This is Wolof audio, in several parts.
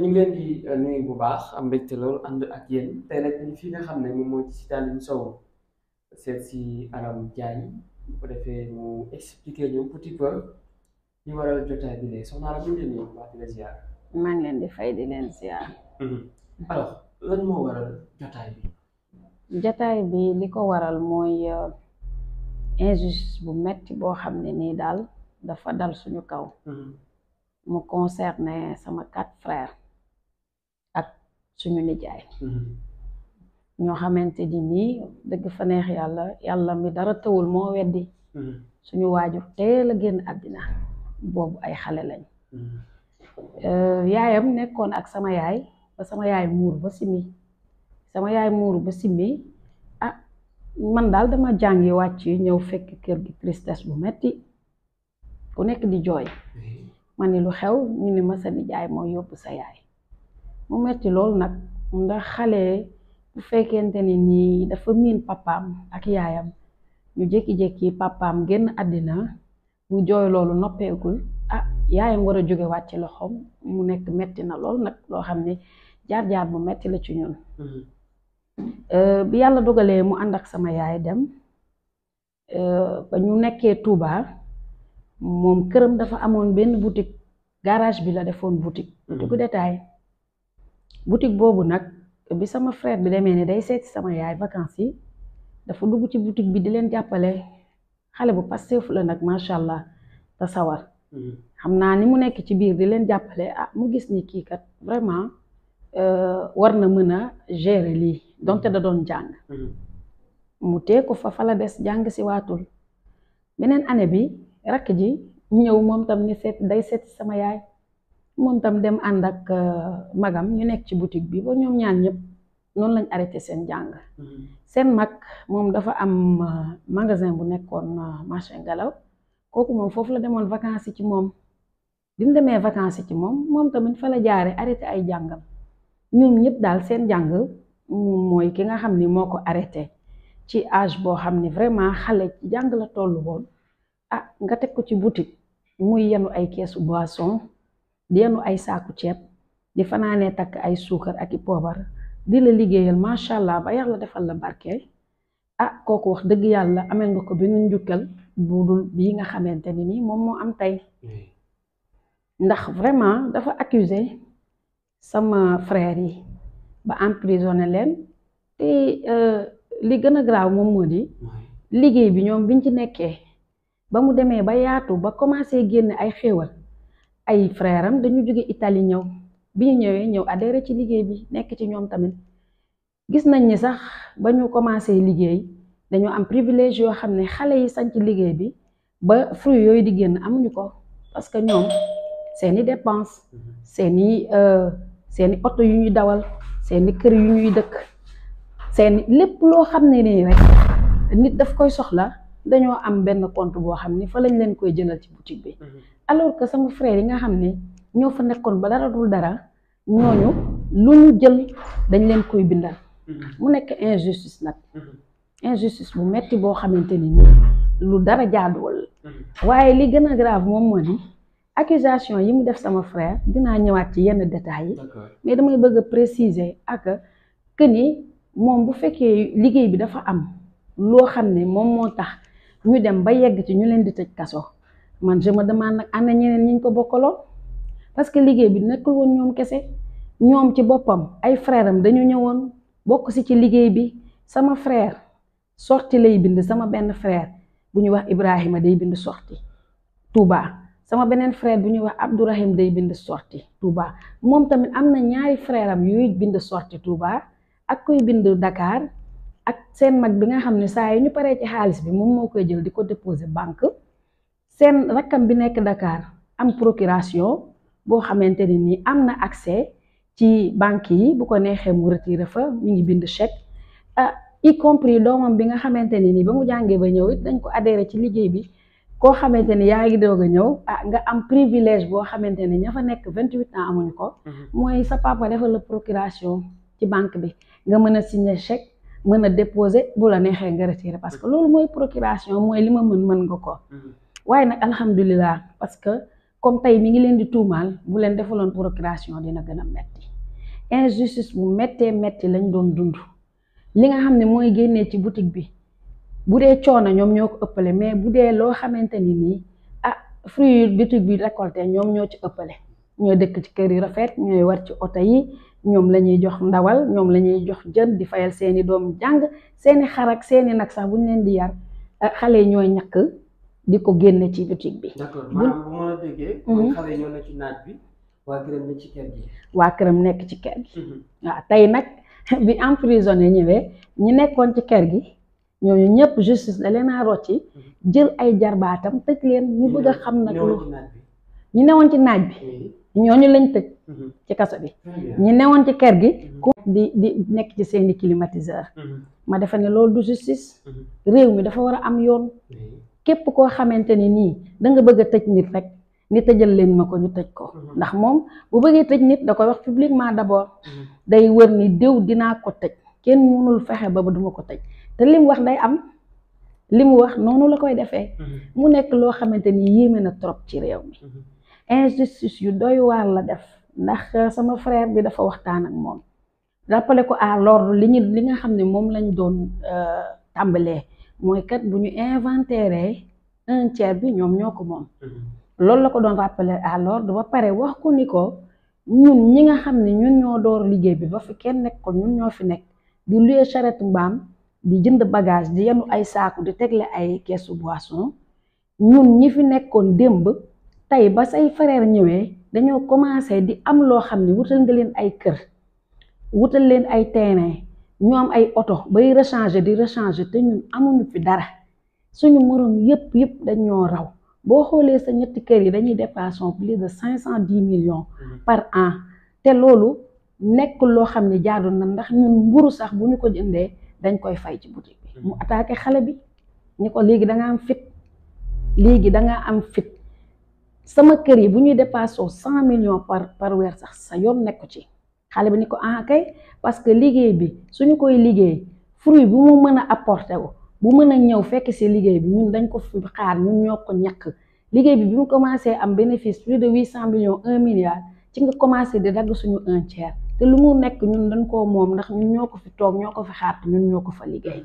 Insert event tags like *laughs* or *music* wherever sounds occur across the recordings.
ñu ngi di eh, nuyu bu baax am mbégte loolu ànd ak yéen tey nag ñu fi nga xam ne moom mooy ci Tallinn Sow seet si Arame Diagne bu ko defee mu expliquer ñu petit peu ñu waral jotaay bi léegi di nuyu bu baax di mm-hmm. moo waral jotaay li ko waral mooy euh, injustice bu metti boo xam ne nii daal dafa dal suñu kaw. Mm-hmm. mu concerné sama quatre frères suñu nijaay mm-hmm. ñoo xamante ni nii dëgg fa neex yàlla yàlla mi dara tëwul moo weddi mm-hmm. suñu waajur teel a génn àddina boobu ay xale lañ mm-hmm. euh, yaayam nekkoon ak sama yaay ba sama yaay muur ba simmi sama yaay muur ba simmi ah man daal dama jàngi wàcc ñëw fekk kër gi tristesse bu metti ku nekk di jooy ma ni lu xew ñu ni ma sa nijaay mooy yóbbu sa yaay mu metti loolu nag ndax xale bu fekkente ne nii dafa miin papaam ak yaayam ñu jékki-jékki papaam génn àddina mu jooy loolu noppeekul ah yaayam war a jógewaat ci loxoom mu nekk metti na lool nag loo xam ne jaar-jaar mu metti la ci ñun mm-hmm. euh, bi yàlla dogalee mu ànd ak sama yaay dem euh, ba ñu nekkee Touba moom këram dafa amoon benn boutique garage bi la defoon boutique mm-hmm. boutique détail boutique boobu nag bi sama frère bi demee ne day seeti sama yaay vacances yi dafa dugg ci boutique bi di leen jàppale xale bu passeefu la nag macha allah te sawar. Mm-hmm. xam naa ni mu nekk ci biir di leen jàppale ah mu gis ni kii kat vraiment euh, war na mën a gérer lii donte mm-hmm. da doon jàng. Mm-hmm. mu tee ko fa fa la des jàng si waatul. beneen année bi rakk ji ñëw moom tam ni seet day seet sama yaay moom tam dem ànd ak euh, magam ñu nekk ci boutique bi ba ñoom ñaan ñëpp noonu lañ arrêté seen jàng mm-hmm. seen mag moom dafa am euh, magasin bu nekkoon euh, marché ngelaw kooku moom foofu la demoon vacances yi ci moom bi demee vacances ci moom moom tamit fa la jaare arrêté ay jàngam ñoom ñëpp daal seen jàng mooy ki nga xam ni moo ko arrêté ci age boo xam ni vraiment xale jàng la tollu woon ah nga teg ko ci boutique muy yenu ay keesu boisson denu ay saaku ceeb di fanaanee takk ay suukar ak i poobar di la liggéeyal macha allah ba yàlla defal la barke ah kooku wax dëgg yàlla amel nga ko beneen njukkal bu dul bii nga xamante ni nii moom moo am tey ndax vraiment dafa accusé sama frère yi ba emprisonné leen te euh, li gën a graaw moom moo di liggéey bi ñoom biñ ci nekkee ba mu demee ba yaatu ba commencé génn ay xéewal ay frère am dañu jóge Italie ñëw bi ñu ñëwee ñëw adhéré ci liggéey bi nekk ci ñoom tamit gis nañ ni sax ba ñu commencé liggéey dañoo am privilège yoo xam ne xale yi sañ liggéey bi ba fruit yooyu di génn amuñu ko parce que ñoom seeni dépense seeni euh, seeni oto yu ñuy dawal seeni kër yu ñuy dëkk seeni lépp loo xam ne nii rek nit daf koy soxla dañoo am benn compte boo xam ni fa lañ leen koy jënal ci boutique bi mhm. alors que sama frère yi nga xam ne ñoo fa nekkoon ba dara dul dara ñooñu lu ñu jël dañ leen koy bindal mu nekk injustice nag injustice bu metti boo xamante ni nii lu dara jaaduwul waaye li gën a grave moom moo di accusation yi mu def sama frère dinaa ñëwaat ci yenn détails yi mais damay bëgg a préciser ak que ni moom bu fekkee liggéey bi dafa am loo xam ne moom moo tax ñu dem ba yegg ci ñu leen di tëj kaso man je me demande nag ana ñeneen ñi ñu ko bokkaloo parce que liggéey bi nekkul woon ñoom kese ñoom ci boppam ay frère am dañu ñëwoon bokk si ci liggéey bi sama frère sorti lay bind sama benn frère bu ñu wax Ibrahima day bind sorti Touba sama beneen frère bu ñuy wax Abdourahim day bind sorti Touba moom tamit am na ñaari frère am yuy bind sorti Touba ak kuy bind Dakar ak seen mag bi nga xam ne saa yu ñu paree ci xaalis bi moom moo koy jël di ko déposer banque. seen rakkam bi nekk Dakar am procuration boo xamante ne nii am na accès ci banque yi bu ko neexee mu retiré fa mu ngi bind chèque ah y compris doomam bi nga xamante ne nii ba mu jàngee ba ñëw nañ ko adhéré ci liggéey bi koo xamante ni yaa ngi doog ñëw ah nga am privilège boo xamante ne ña fa nekk vingt huit ans amuñ ko mhm. mooy sa papa defal la procuration ci banque bi nga mën a signer chèque mën a déposer bu la neexee nga retiré parce que mhm. loolu mooy procuration mooy li ma mën mën nga ko mhm. waaye nag alhamdulilah parce que comme tey mi ngi leen di tuumaal bu leen defaloon procuration dina gën a metti injustice bu méttee metti lañ doon dund li nga xam ne mooy génnee ci boutique bi bu dee coono ñoom ñoo ko ëppale mais bu dee loo xamante ni nii ah fruit yi boutique bi récolté ñoom ñoo ci ëppale ñoo dëkk ci kër yi rafet ñooy war ci oto yi ñoom la ñuy jox ndawal ñoom la ñuy jox jën di fayal seeni doom jàng seeni xar ak seeni nag sax bu ñu leen di yar ah, xale ñooy ñakk di ko génne ci boutique bi. ma la mhm. ci naaj bi waa këram nekk ci kër gi. waa mhm. tey nag *laughs* bi emprisonné ñëwee ñi nekkoon ci kër gi ñooñu ñëpp justice da leen rocci mhm. jël ay jarbaatam tëj leen ñu bëgg a xam na ñu newoon ci naaj bi. ñooñu lañ tëj ci kaso bi ñi newoon ci kër gi ku di di nekk ci seeni climatiseur ma defe ne loolu du justice réew mi dafa war a am yoon képp koo xamante ni nii danga nga bëgg a tëj nit rek ni tëjal leen ma ko ñu tëj ko mhm. ndax moom bu bëggee tëj nit da koy wax publiquement d'abord mhm. day wër ni diw dinaa ko tëj kenn mënul fexe ba ba duma ko tëj te li wax day am li mu wax noonu la koy defee mhm. mu nekk loo xamante ni yéeme na trop ci réew mi injustice yu doy waar la def ndax euh, sama fraire bi dafa waxtaan ak moom rappelé ko à l'ordre li li nga xam ne moom lañ doon euh, tàmbalee mooy kat bu ñu inventaire un tiers bi ñoom ñoo ko moom. Mhm. loolu la ko doon rappeler à l'ordre ba pare wax ko ni ko ñun ñi nga xam ne ñun ñoo door liggéey bi ba fi kenn nekk ko ñun ñoo fi nekk di luye charrette mbaam di jënd bagage di yenu ay saaku di tegle ay keesu boisson ñun ñi fi nekkoon démb tey ba say frère ñëwee dañoo commencé di am loo xam ne wutal nga leen ay kër wutal leen ay terrain. ñoom ay oto bay rechanger di rechanger te ñun amuñu fi dara suñu moroom yëpp yëpp dañ ñoo raw boo xoolee sa ñetti kër yi dañuy dépassé plus de cinq cent dix millions mm-hmm. par an te loolu nekk loo xam ne jaadu na ndax ñu mburu sax bu ñu ko jëndee dañ koy fay ci boutique bi mu mm-hmm. attaqué xale bi ñu ko léegi da nga am fit léegi da nga am fit sama kër yi bu ñuy dépassé cent millions par par weer sax sa yoon nekku ci xale bi ni ko ah kay parce que liggéey bi suñu koy liggéey fruit bu mu mën a apporter ko bu mën a ñëw fekk si liggéey bi ñun dañ ko xaar ñun ñoo ko ñàkk liggéey bi bi mu commencé am bénéfice plus de huit cent millions un milliard ci nga commencé di dagg suñu un tiers te lu mu nekk ñun dañ koo moom ndax ñun ñoo ko fi toog ñoo ko fi xaar ñun ñoo ko fa liggéey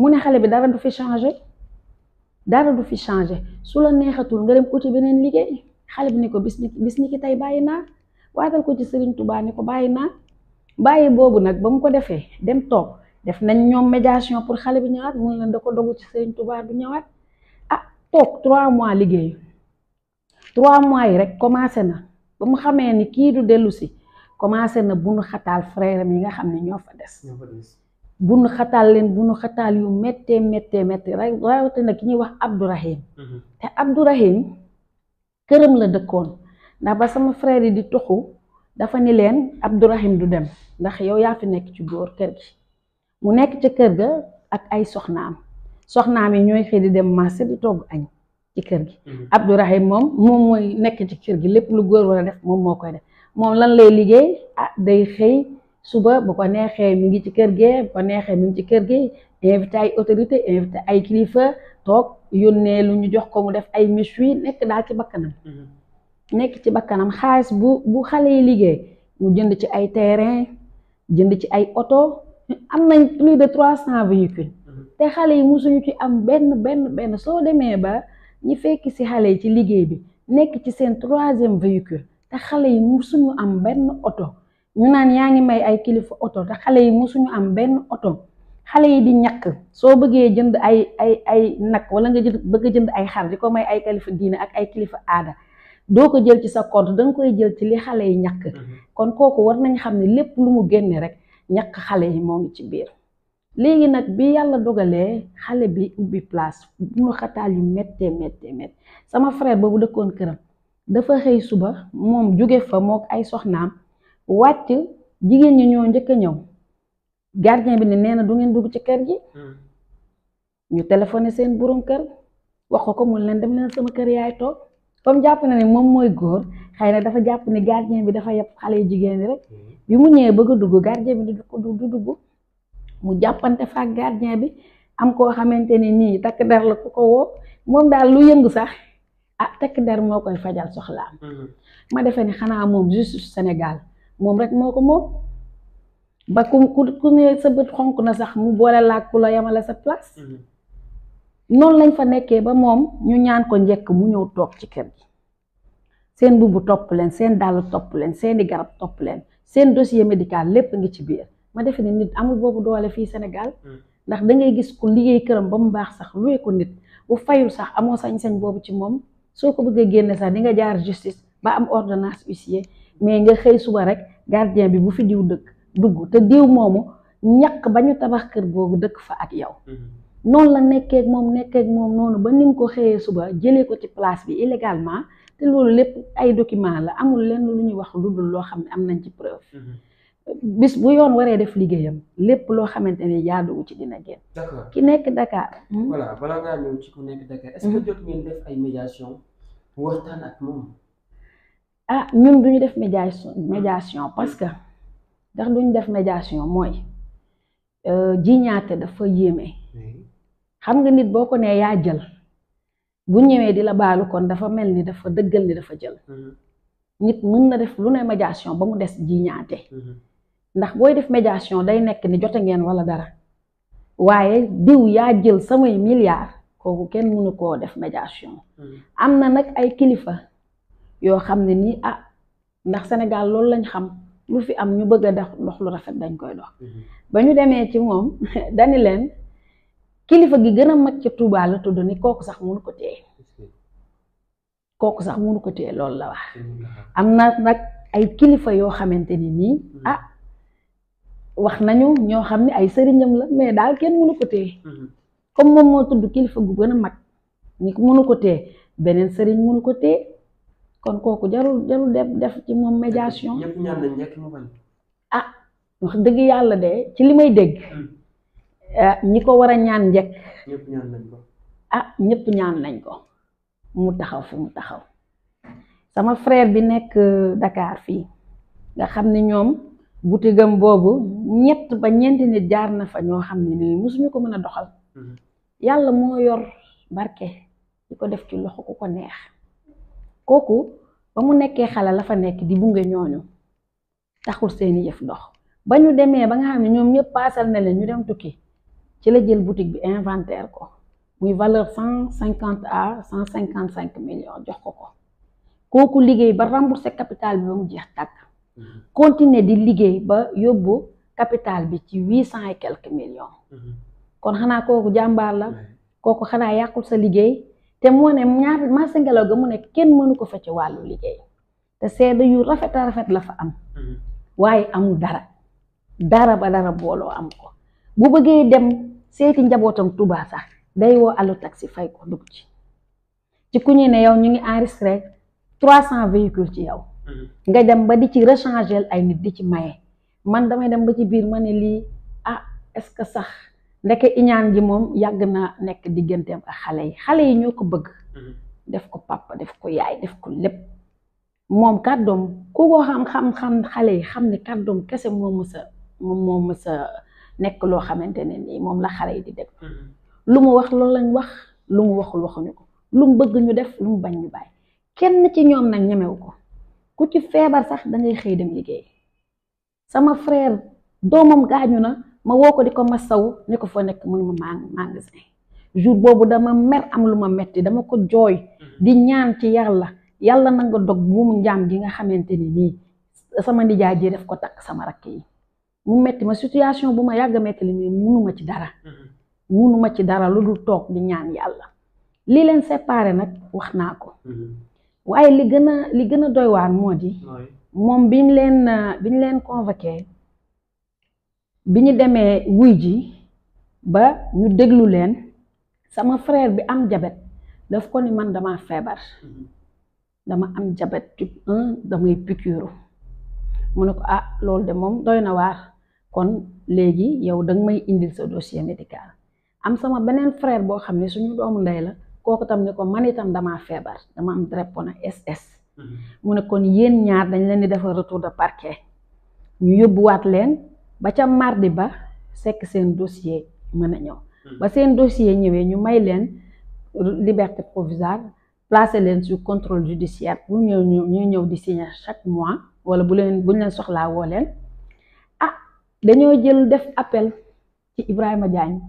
mu ne xale bi dara du fi changé dara du fi changé su la neexatul nga dem uti beneen liggéey xale bi ko bis ni tey bàyyi naa waatal ko ci Serigne Touba ni ko bàyyi naa bàyyi boobu nag ba mu ko defee dem toog def nañ ñoom médiation pour xale bi ñëwaat mun leen da ko dogu ci Serigne Touba du ñëwaat ah toog mois liggéey trois mois yi rek commencé na ba mu xamee ni kii du dellu si commencé na bunu xataal frère yi nga xam ne ñoo fa des bunu xataal leen bunu xataal yu méttee ki ñuy wax Abdourahim mhm. te Abdourahim këram la dëkkoon ndax ba sama frère yi di toxu dafa ni leen Abdourahim du dem ndax yow yaa fi nekk ci góor kër gi mu nekk ca kër ga ak ay soxnaam soxnaam yi ñooy xëy di dem marché di togg añ ci kër gi mhm. Abdourahim moom moom mooy nekk ci kër gi lépp lu góor war a def moom moo koy def moom lan lay liggéey ah day xëy suba bu ko neexee mi ngi ci kër gee bu neexee mi ngi ci kër gi invité ay autorité invité ay kilifa toog yónnee lu ñu jox ko mu def ay miche yi nekk daal ci bakkanam mhm. nekk ci bakkanam xaalis bu bu xale yi liggéey mu jënd ci ay terrain jënd ci ay oto am nañ de trois cent véhicules te xale yi musuñu ci am benn benn benn soo demee ba ñi fekk si xale yi ci liggéey bi nekk ci seen troisième véhicule te xale yi musuñu am benn oto ñu naan yaa ngi may ay kilifa oto te xale yi musuñu am benn oto xale yi di ñakk soo bëggee jënd ay ay ay nag wala nga jënd bëgg jënd ay xar di ko may ay kilifa diine ak ay kilifa aada doo ko jël ci sa compte da koy jël ci li xale yi ñàkk mm-hmm. kon kooku war nañ xam ne lépp lu mu génne rek ñàkk xale yi moo ngi ci biir léegi nag bi yàlla dogalee xale bi ubbi place bu ma xataal yu méttee méttee sama frère boobu dëkkoon këram dafa xëy suba moom jóge fa mook ay soxnaam wàcc jigéen ñi ñoo njëkk a ñëw gardien bi ne nee na du ngeen dugg ci kër gi mm-hmm. ñu téléphoné seen borom kër wax ko ko mu leen dem leen sama kër yaay toog comme jàpp na ne moom mooy góor xëy na dafa jàpp ne gardien bi dafa yeb xale yu jigéen rek hmm. bi mu ñëwee bëgg dugg gardien bi du du dugg mu jàppante fa ak gardien bi am koo xamante ne nii takk der la ku ko woo moom daal lu yëngu sax ah takk der moo koy fajal soxlaam. Hmm. ma defee ne xanaa moom juste Sénégal moom rek moo ko moom ba ku ku ne sa bët xonk na sax mu boole laag ku la yemale sa place. Hmm. noonu lañ fa nekkee ba moom ñu ñaan ko njekk mu ñëw toog ci kër gi seen mbubb topp leen seen dàll topp leen seeni garab topp leen seen dossier médical lépp ngi ci biir ma defe ne nit amul boobu doole fii Sénégal mm. ndax da gis ku liggéey këram ba mu baax sax luye ko nit bu fayul sax amoo sañ-sañ boobu ci moom soo ko bëggee génne sax di nga jaar justice ba am ordonnance huissier mais nga xëy suba rek gardien bi bu fi diw dëkk dugg te diw moomu ñaq ba ñu tabax kër googu dëkk fa ak yow mm-hmm. noonu la nekkee moom nekkee moom noonu ba ni ko xëyee suba jëlee ko ci place bi illégalement te loolu lépp ay document la amul lenn lu ñuy wax lu dul loo xam ne am nañ ci preuve. Mhm. bis bu yoon waree def liggéeyam lépp loo xamante ne jaaduwu ci dina génn. ki nekk ndakaar hmm? voilà balaa ngaa ñëw ci ku hmm? def ay médiation waxtaan ak moom. ah duñu def médiation médiation parce que ndax duñu def médiation mooy euh, jiñaate dafa yéeme. xam nga nit boo ko nee yaa jël bu ñëwee di la baalu kon dafa mel ni dafa dëggal ni dafa jël mm-hmm. nit mën na def lu ne médiation ba mu des jiñaate mm-hmm. ndax booy def médiation day nekk ni jote ngeen wala dara waaye diw yaa jël samay milliards kooku kenn mënu koo def médiation mm-hmm. am na nag ay kilifa yoo xam ne nii ah ndax Sénégal loolu lañ xam lu fi am ñu bëgg a dox lu rafet dañ koy dox ba ñu demee ci moom *laughs* dani leen kilifa gi gën a mag ca Touba la tudd ni kooku sax mënu ko téye kooku sax mënu ko téye loolu la wax am na nag ay kilifa yoo xamante ni nii hmm. ah wax nañu ñoo xam ne ay sëriñam la mais daal kenn mënu ko téye hmm. comme moom moo tudd kilifa gu gën a mag ni mënu ko téye beneen sëriñ mënu ko téye kon kooku jarul jarul def def ci moom médiation ah dëgg yàlla de ci li may dégg hmm. Eh, ñi ko war a ñaan njëkk ah ñëpp ñaan lañ ko mu taxaw fu mu taxaw sama freer bi nekk euh, dakaar fii nga xam ne ñoom butigam boobu ñett ba ñeenti nit jaar na fa ñoo xam ne nii mosuñu ko mën a doxal mm-hmm. yàlla moo yor barke di ko def ci loxo ku ko neex kooku ba mu nekkee xale la fa nekk di bunge ñooñu taxul seeni yëf ndox ba ñu demee ba nga xam ne ñoom ñëpp paasal na leen ñu dem tukki ci la jël boutique bi inventaire ko muy valeur cent cinquante à cent cinquante cinq million jox ko ko kooku liggéey ba remboursé capital bi ba mu jeex tàkk mm-hmm. continuer di liggéey ba yóbbu capital bi ci huit cent quelque million mm-hmm. kon xanaa kooku jàmbaar la kooku xanaa yàqul sa liggéey te moo ne ñaar marché ngelaw ga mu ne kenn mënu ko fa ci wàllu liggéey te seede yu rafet a rafet la fa am mm-hmm. waaye amul dara dara ba dara booloo am ko bu bëggee dem seeti njabootam Touba sax day woo allu taxi fay ko dugg ci ci ku ñu ne yow ñu ngi enregistré trois cent véhicules ci yow mhm. nga dem ba di ci rechanger ay nit di ci maye man damay dem ba ci biir ma ne lii ah est-ce que sax ndeke iñaan ji moom yàgg na nekk digganteem ak xale yi xale yi ñoo ko bëgg mhm. def ko papa def ko yaay def ko lépp moom kàddoom ku ko xam xam xale yi xam ne kàddoom kese moo mësa moom moo nekk loo xamante ne nii moom la xare yi di déglu mm-hmm. lu mu wax loolu lañ wax lu mu waxul waxuñu ko lu mu bëgg ñu def lu mu bañ ñu bàyyi kenn ci ñoom nag ñemewu ko ku ci feebar sax da xëy dem liggéey sama frère doomam gaañu na ma woo ko di ko ma saw ne ko fa nekk mun ma mang magasin jour boobu dama mer am lu ma metti dama ko jooy mm-hmm. di ñaan ci yàlla yàlla na nga dog buumu njaam gi nga xamante ni nii sama nijaay ji def ko takk sama rakk yi mu metti ma situation bu ma yàgg a metti li mais ci dara munu ci dara lu dul toog di ñaan yàlla lii leen séparé nag wax naa ko waaye li gën a li gën a doy waar moo di moom biñ leen biñ leen convoqué bi ñu demee wuy ji ba ñu déglu leen sama frère bi am jabet daf ko ni man dama feebar dama am jabet type 1 damay piqûre mu ne ko ah loolu de moom doy na waar kon léegi yow danga may indil sa dossier médical am sama beneen frère boo xam ne suñu doomu ndey la kooku tam ne ko man itam damaa feebar dama am drépano SS mm-hmm. mu ne kon yéen ñaar dañ leen di defal retour de parquet ñu yóbbuwaat leen ba ca mardi ba sekk seen dossier mën a ñëw mm-hmm. ba seen dossier ñëwee ñu may leen liberté provisoire placé leen su sous contrôle judiciaire pour ñëw ñu ñëw di signer chaque mois wala bu leen buñ leen soxlaa woo leen dañoo jël def appel ci Ibrahima Diagne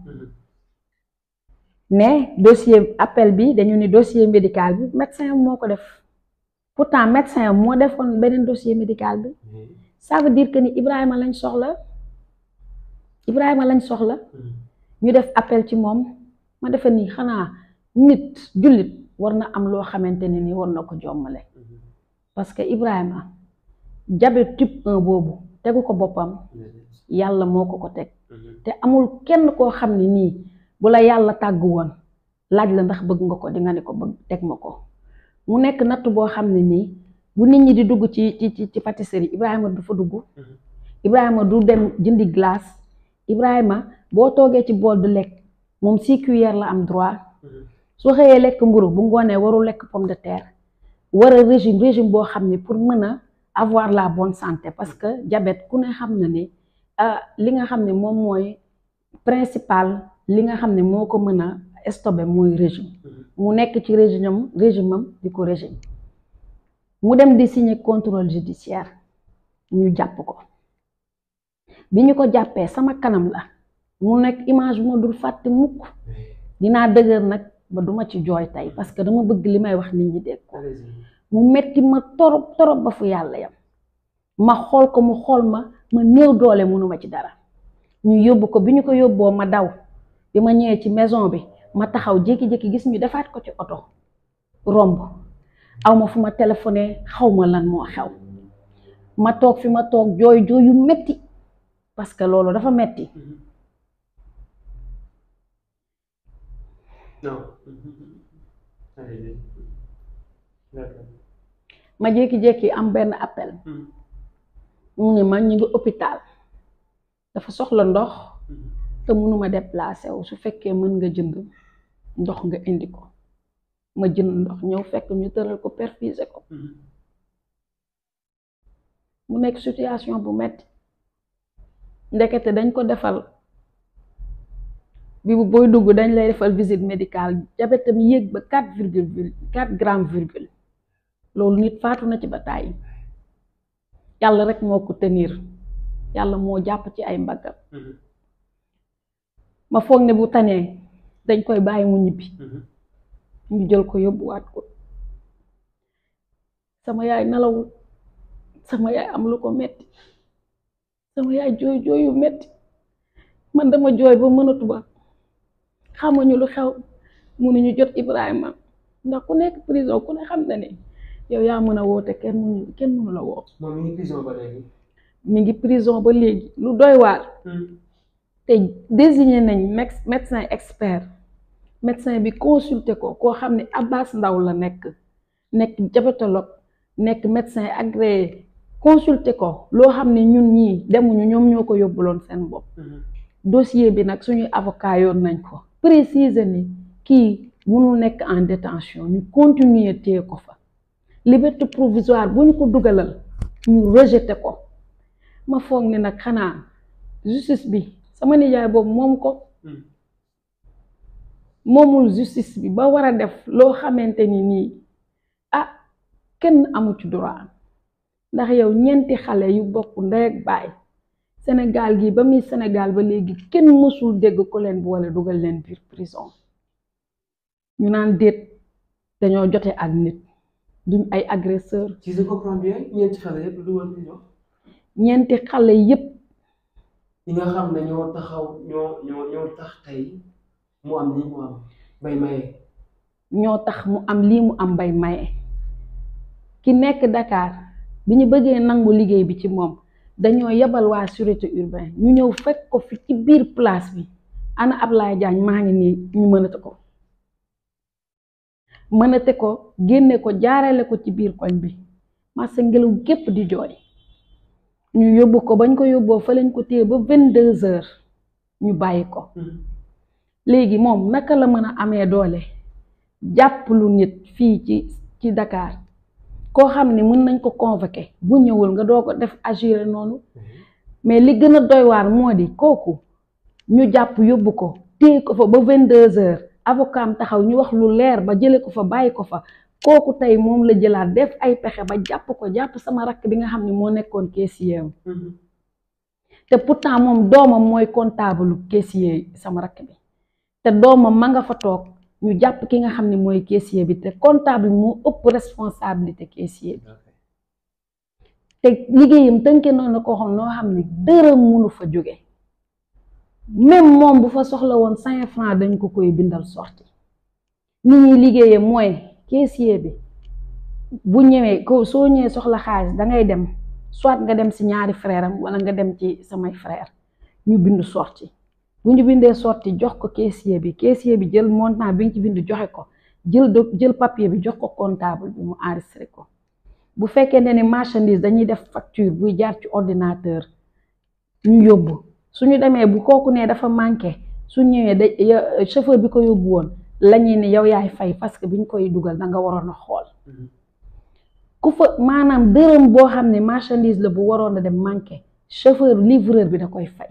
mais dossier appel bi dañu ne dossier médical bi médecin moo ko def pourtant médecin moo defoon beneen dossier médical bi ça veut dire que ni Ibrahima lañ soxla Ibrahima lañ soxla ñu def appel ci moom ma defe ni xanaa nit jullit war na am loo xamante ne ni war na ko jommale parce que Ibrahima diabète type 1 boobu tegu ko boppam yàlla moo ko ko teg mhm. te amul kenn koo xam ne nii bu la yàlla tàgg woon laaj la ndax bëgg nga ko di nga ne ko bëgg teg ma ko mu nekk natt boo xam ne nii bu nit ñi di dugg ci ci ci pâtisserie Ibrahima du fa dugg mhm. Ibrahima du dem jëndi glace Ibrahima boo toogee ci bool du lekk moom six cuillères la am droit mhm. soo xëyee lekk mburu bu ngoonee waru lekk pomme de terre war a régime régime boo xam ne pour mën a avoir la bonne santé parce que jabet ku ne xam na ni Euh, li nga xam ne moom mooy principal li nga xam ne moo ko mën a stoppé mooy régime mm-hmm. mu nekk ci régime am régime di ko régime mu dem di signer contrôle judiciaire ñu jàpp ko bi ñu ko jàppee sama kanam la mu nekk image bu dul fàtte mukk dinaa dëgër nag ba duma ci jooy tey parce que dama bëgg li may wax nit ñi dégg ko mu metti ma torop torop ba fu yàlla yam ma xool ko mu xool ma ma néew doole mënuma ci dara ñu yóbbu ko bi ñu ko yóbboo ma daw bi ma ñëwee ci maison bi ma taxaw jékki-jékki gis ñu defaat ko ci oto romb aw fu ma téléphoné xaw ma lan moo xew ma toog fi ma toog jooy jooy yu metti parce que loolu dafa metti *laughs* ma jékki-jékki am benn appel hmm. mu ne ma ñu ngi hôpital dafa soxla ndox te mënuma déplacé wu su fekkee mën nga jënd ndox nga indi ko ma jënd ndox ñëw fekk ñu tëral ko perfusé ko mu nekk situation bu metti ndekete dañ ko defal bi bu booy dugg dañ lay defal visite médical diabète am yéeg ba quatre virgule quatre gramme virgule loolu nit faatu na ci ba tàyyi yàlla rek moo ko tenir yàlla moo jàpp ci ay mbaggam mm-hmm. ma foog ne bu tanee dañ koy bàyyi mu ñibbi mm-hmm. ñu jël ko yóbbuwaat ko sama yaay nelawul sama yaay am lu ko metti sama yaay jooy jooyu metti man dama jooy ba mënatuma xamuñu lu xew mënuñu jot ibrahim ma ndax ku nekk prison ku ne xam ne ne yow yaa mën a woote kenn mënu kenn mënu la woo. moom mi ngi prison ba léegi. lu doy waar. Hmm. te désigné nañ médecin expert médecin bi consulté ko koo xam ne Abbas Ndaw la nekk nekk diabétologue nekk médecin agré consulté ko loo xam ne ñun ñii demuñu ñoom ñoo ko yóbbuloon seen bopp. Hmm. dossier bi nag suñuy avocat yoon nañ ko. préciser ni kii mënul nekk en détention ñu continuer téye ko fa. liberté provisoire bu ñu ko dugalal ñu rejeté ko ma foog ne nag xanaa justice bi sama nijaay boobu moom ko hmm. moomul justice bi ba war a def loo xamante ni nii ah kenn amu ci droit ndax yow ñeenti xale yu bokk ndey ak baay Sénégal gi ba muy Sénégal ba léegi kenn mësul dégg ko leen boole dugal leen biir prison ñu naan déet dañoo jote ak nit du ay agresseur ci je comprends bien ñeenti lu woon ñeenti xale yëpp. ñi nga xam ñoo taxaw tax tey mu am lii mu am bay maye. ñoo tax mu am lii mu am bay maye ki nekk Dakar bi ñu bëggee nangu liggéey bi ci moom dañoo yebal waa sûreté urbain ñu ñëw fekk ko fi ci biir place bi ana Ablaye Diagne maa ngi nii ñu mënata ko. mënate ko génne ko jaarale ko ci biir koñ bi parce marché ngelaw gépp di jooy ñu yóbbu ko bañ ko yóbboo fa lañ ko téye ba vingt deux heures ñu bàyyi ko léegi moom naka la mën a amee doole jàpp lu nit fii ci ci dakaar koo xam ne mun nañ ko convoquer bu ñëwul nga doo ko def agir noonu mais li gën a doy moo di kooku ñu jàpp yóbbu ko tee ko fa ba vingt deux heures avocat am taxaw ñu wax lu leer ba jëlee ko fa bàyyi ko fa kooku tey moom la jëlaat def ay pexe ba jàpp ko jàpp sama rakk bi nga xam ni moo nekkoon caissier mm-hmm. te pourtant moom doomam mooy comptable caissier sama rakk bi te doomam ma nga fa toog ñu jàpp ki nga xam ni mooy caissier bi te comptable moo ëpp responsabilité caissier bi te liggéeyam tënke noonu ko xam noo xam ne dërëm mënu fa jóge même moom bu fa soxla woon cinq francs dañ ko koy bindal sorti ni ñuy liggéeyee mooy caissier bi bu ñëwee ko soo ñëwee soxla xaalis da ngay dem soit nga dem ci ñaari frère am wala nga dem ci samay frère ñu bind sorti bu ñu bindee sorti jox ko caissier bi caissier bi jël montant bi nga ci bind joxe ko jël do jël papier bi jox ko comptable bi mu enregistré ko bu fekkee ne ni marchandise dañuy def facture buy jaar ci ordinateur ñu yóbbu su ñu demee bu kooku nee dafa manqué su ñëwee da chauffeur bi ko yóbbu woon la ñuy ne yow yaay fay parce que ñu koy dugal da nga waroon a xool mm-hmm. ku fa maanaam dërëm boo xam ne marchandise la bu waroon a dem manqué chauffeur livreur bi da koy fay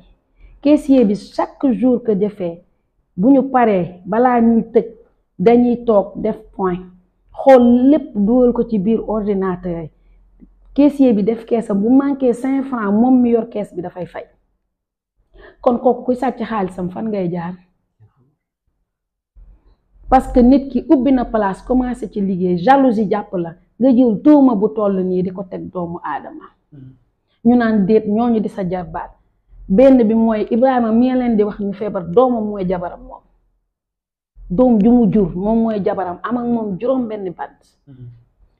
caissier bi chaque jour que jëfee bu ñu paree balaa ñuy tëj dañuy toog def point xool lépp dugal ko ci biir ordinateur yi caissier bi def keesam bu manqué cinq francs moom mi yor kees bi dafay fay kon kooku kuy sàcc xaalisam fan ngay jaar parce que nit ki ubbi na palaas commencé ci liggéey jalousie jàpp la nga jël tuuma bu toll nii di ko teg doomu aadama ñu naan déet ñoo ñooñu di sa jabaat benn bi mooy Ibrahima mi leen di wax ñu feebar doomam mooy jabaram moom doom ju moom mooy jabaram am ak moom juróom benn bant mm-hmm.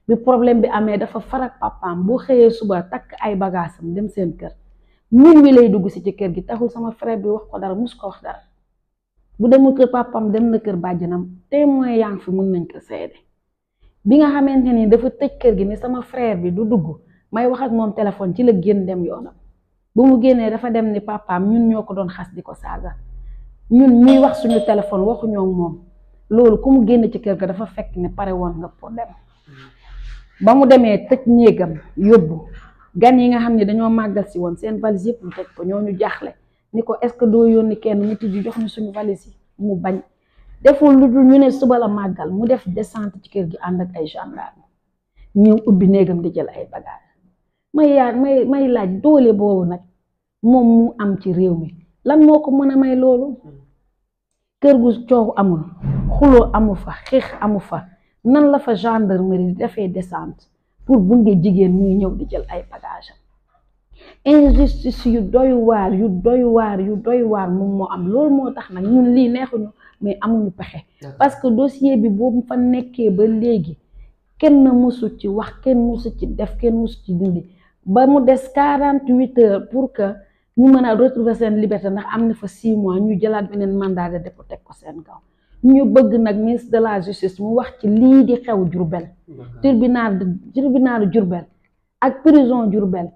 bi problème bi amee dafa farak papaam bu xëyee suba takk ay bagaasam dem seen kër min wi lay dugg si ci kër gi taxul sama frère bi wax ko dara mus ko wax dara bu demul kër pàppam dem na kër bàjjanam te yaa ngi fi mën nañ ko seede bi nga xamante ni dafa tëj kër gi ni sama frère bi du dugg may wax ak moom téléphone ci la génn dem yoonam bu mu génnee dafa dem ni papaam ñun ñoo ko doon xas di ko saaga ñun ñuy wax suñu téléphone waxuñoo moom loolu ku mu génn ci kër ga dafa fekk ne pare woon nga pour dem mm. ba mu demee tëj néegam yóbbu gan yi nga xam ne dañoo màggal si woon seen valise yëpp mu toj ko ñoo ñooñu jaaxle ni ko est-ce que doo yónni kenn mu tijji jox ñu suñu valise yi mu bañ deful lu dul ñu ne suba la màggal mu def descente ci kër gi ànd ak ay gendarme ñëw ubbi néegam di jël ay bagage may yaa may may laaj doole boobu nag moom mu am ci réew mi lan moo ko mën a may loolu kër gu coow amul xuloo amu fa xeex amu fa nan la fa gendarmerie defee descente pour bunge jigéen muy ñëw di jël ay bagage am injustice yu doy yu doy waar yu doy waar moo am loolu moo tax nag ñun lii neexuñu mais amuñu pexe parce que dossier bi boobu fa nekkee ba léegi kenn mësu ci wax kenn mësu ci def kenn mësu ci dundi ba mu des quarante huit pour que ñu mën a retrouver seen liberté ndax am na fa six ñu jëlaat beneen mandat de dépôt teg ko seen kaw ñu bëgg nag ministre de la justice mu wax ci lii di xew Diourbel tribunal tribunalu Diourbel ak prison Diourbel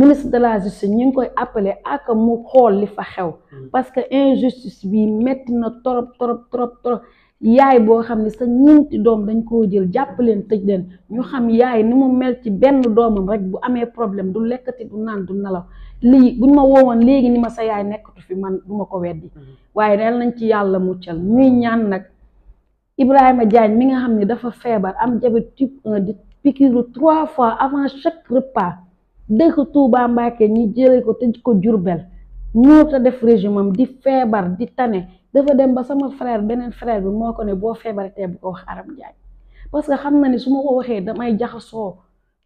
ministre de la justice ñu ngi koy appelé ak mu xool li fa xew hmm. parce que injustice bi metti na trop trop trop trop yaay boo xam ne sa ñeenti doom dañ koo jël jàpp leen tëj leen ñu xam yaay ni mu mel ci benn doomam rek bu amee problème du lekkati du naan du nelaw lii buñ ma woowoon léegi ni ma sa yaay nekkatu fi man du ma ko weddi mhm. waaye yal nañ ci yàlla muccal muy ñaan nag Ibrahima jaañ mi nga xam ne dafa feebar am diabète type 1 trois fois avant chaque repas dëkk Touba Mbacké ñi jële ko tëj ko Jurbel ñëw def régime am di feebar di tane dafa dem ba sama frère beneen frère bi moo ko ne boo feebaratee bu ko wax Aram Diagne parce que xam na ni su ma ko waxee damay jaxasoo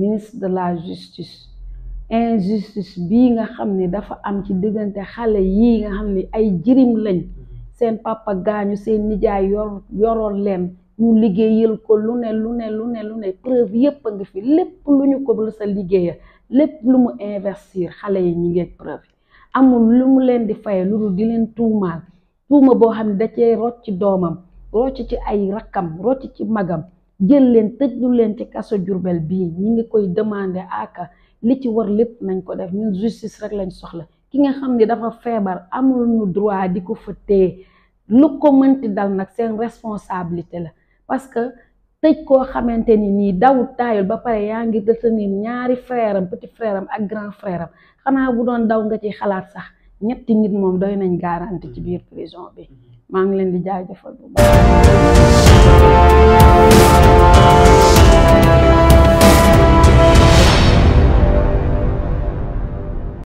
ministre de la justice injustice bii nga xam ne dafa am ci diggante xale yii nga xam ne ay jirim lañ seen papa gaañu seen nijaay yor yoroon leen ñu liggéeyal ko lu ne lu ne lu ne lu ne preuve yépp a ngi fi lépp lu ñu ko lu sa liggéeya lépp lu mu investir xale yi ñu ngeeg preuve amul lu mu leen di faye lu dul di leen tuumaal tuuma boo xam ne da cee doomam rocc ci ay rakkam rocc ci magam jël leen tëj lu leen ci kaso Jurbel bii ñu ngi koy demande aka li ci war lépp nañ ko def ñun justice lañ soxla ki nga xam ne dafa feebar amul ñu droit di ko fa lu ko mënti dal nag seen responsabilité la parce que tëj koo xamante ni nii dawul taayul ba pare yaa ngi détenir ñaari frère am petit frère ak grand frère xanaa bu doon daw nga ci xalaat sax ñetti nit moom doy nañ garanti ci biir prison bi mm-hmm. maa ngi leen di jaajëfal bu baax Thank you.